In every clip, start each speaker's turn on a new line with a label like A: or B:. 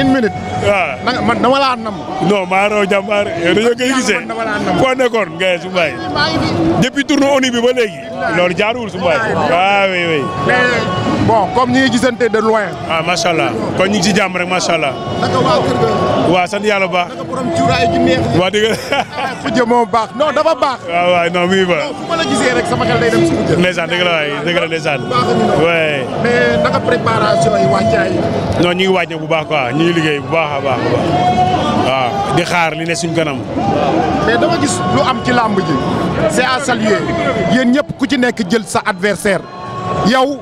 A: une minute. waaw ah. na nga man dama laa nam. non maa raw jàmbaar nekkoon ngay su
B: mbaay.
A: bi ba léegi. loolu jaaruwul su mbaay. waaw bon comme ñi ngi gisante de loin. ah macha allah kon ñu ngi ci jàmm rek macha allah. waa kër yàlla bu baax. naka borom cuuraay waa ah, baax non dafa baax. baax. fu
B: ma la gisee rek sama xel
A: day bu baax quoi liggéey bu baax a baax di xaar li ne suñ kanam. mais dama
B: gis lu am ci làmb ji c'est à saluer yéen ñëpp ku ci nekk jël sa adversaire yow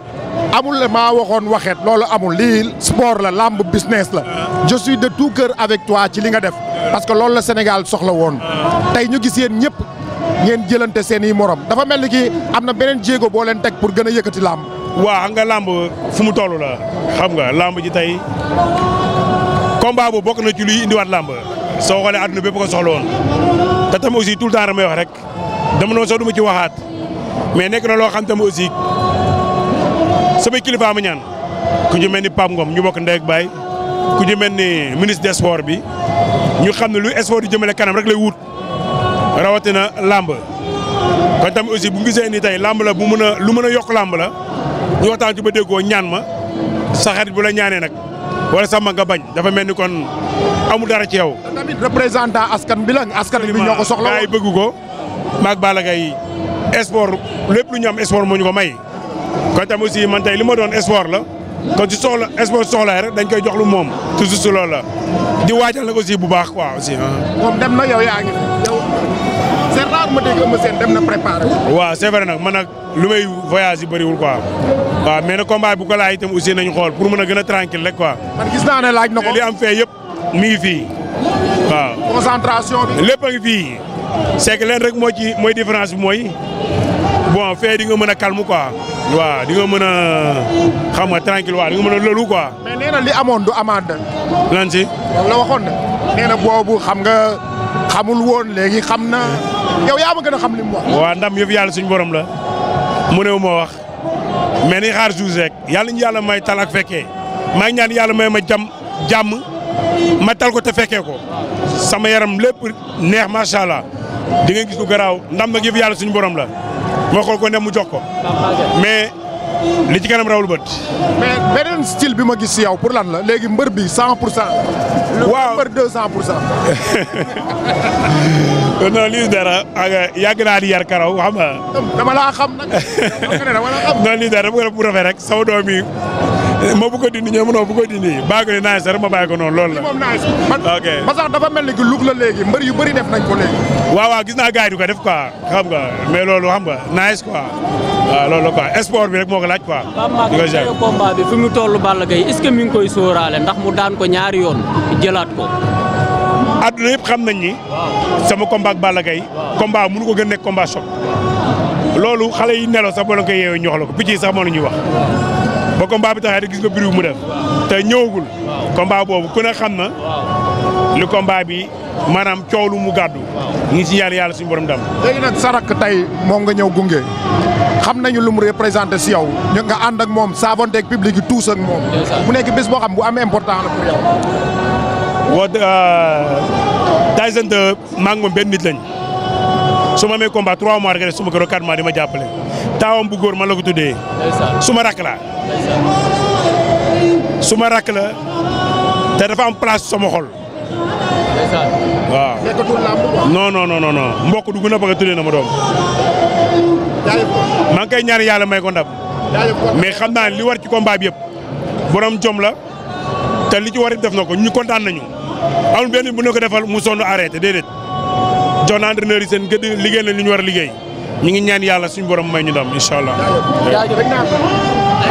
B: amul la maa waxoon waxeet loolu amul lii sport la làmb business la ah. je suis de tout cœur avec toi ci li nga def parce que loolu la Sénégal soxla woon ah. tey ñu gis yéen ñëpp ngeen jëlante seeni moroom dafa mel ni ki am na beneen jéego boo leen teg pour gën a yëkkati làmb waa xam nga làmb fu mu toll la xam nga làmb ji tey
A: combat bu bokk na ci luy indiwaat làmb soo xoolee àdduna bépp ko soxla woon te tam aussi tout le temps damay rek dama noonu sax du ma ci waxaat mais nekk na loo xam aussi sama kilifa ma ñaan ku ñu mel ni Pape Ngom ñu bokk ndey ak baay ku ñu mel ni ministre des sports bi ñu xam ne lu sport di jëmale kanam rek lay wut rawatina làmb kon tamit aussi bu gisee ni tey làmb bu mën a lu mën a yokk làmb la ñu waxtaan ci ba ñaan ma sa xarit bu la ñaanee nag wala sama nga bañ dafa mel ni kon amul dara ci yow. tamit représentant askan bi la askan bi ñoo soxla. bëgg ko maag Balla Gaye sport lépp lu ñu am sport moo ñu ko may. kon tam aussi man tey li ma doon sport la kon ci soxla sport soxlaay rek dañ koy jox lu moom toujours si loolu la di waajal nag aussi bu baax quoi
B: aussi. Ah. moom dem na yow yaa ngi yow c'est rare ma dégg ma seen dem na préparé.
A: waaw c'est nag man nag lu may voyage bariwul bëriwul quoi waaw mais nag combat bu ko laaj nañu xool pour mën a gën a tranquille rek quoi.
B: man gis naa ne laaj na
A: ko li am fee yëpp mi ngi fii waaw.
B: concentration bi.
A: lépp a ngi fii c'est leen rek moo ci mooy différence bi mooy. bon fee di nga mën a calme quoi.
B: waa di nga mën a xam nga tranquille waaw di nga mën a loolu quoi. mais nee na li amoon du amaan de. lan ci. la waxoon de nee na boobu xam nga xamul woon léegi xam na yow yaa ma gën a xam li wax. waaw
A: ndam yëpp yàlla suñu borom la mëneewu ma wax mais ni xaar suuf rek yàlla ñu yàlla may tal ak fekkee maa ñaan yàlla may ma jam jàmm ma tal ko te fekkee ko sama yaram lépp neex macha allah di nga gis lu garaaw ndam nag yëpp yàlla suñu borom la. ma xool ko ne mu jox ko. mais
B: li ci kanam rawul bët. mais beneen style bi ma gis si yow pour lan la léegi mbër bi 100 pour cent. waaw mbër pour cent. non lii
A: dara ak yàgg naa di yar karaw xam nga. dama laa xam nag. dama laa dara bu rafet rek sama doom yi. Eh, ma bu ko dindi ñoom non bu ma bàyyi ko noonu loolu
B: la. ok ba sax dafa mel ni que lug la léegi mbër yu bëri def nañ ko léegi.
A: waaw waaw gis naa gars yi du ko def quoi xam nga mais loolu xam nga naaj quoi
B: waaw loolu la
A: quoi bi rek moo ko laaj ko jël
B: combat bi fi mu toll mi koy sóoraale ndax mu daan ko ñaari
A: yoon jëlaat ko. adduna yëpp xam nañ ni. sama combat ak Balla Gaye. combat mënu ko gën nekk combat choc. loolu xale yi nelaw sa boo la koy yeewee la ko picc sax moo la wax ba combat bi taxee rek gis nga bruit mu def te ñëwagul combat boobu ku ne xam na li combat bi maanaam coow lu mu gàddu ñu ngi si ñaan yàlla suñu borom dam
B: léegi nag sa rakk tey moom nga ñëw gunge xam nañu lu mu représenté si yow ñu nga ànd ak moom saabonteeg public yi tuus ak moom mu nekk bés boo xam bu am important la pour yow woo euh, Tyson de maa ngi moom benn lañ
A: su ma amee combat trois mois rek suma kër quatre mois di ma jàppale taawam bu góor ma la ko tuddee su ma rakk laa suma ma rakk la te dafa am place sama xol. waaw nekkatul mbokk dugg na bëgg a na ma doom. maa ngi koy ñaan yàlla may ko ndam. mais xam naa li war ci combat bi yëpp borom jom la te li ci war def na ko ñu kontaan nañu. amul benn bu ne ko defal mu sonn arrêté déedéet jox na entraîneur yi seen gëdd liggéey na li ñu war a liggéey ñu ngi ñaan yàlla suñ borom may ñu ndam incha allah.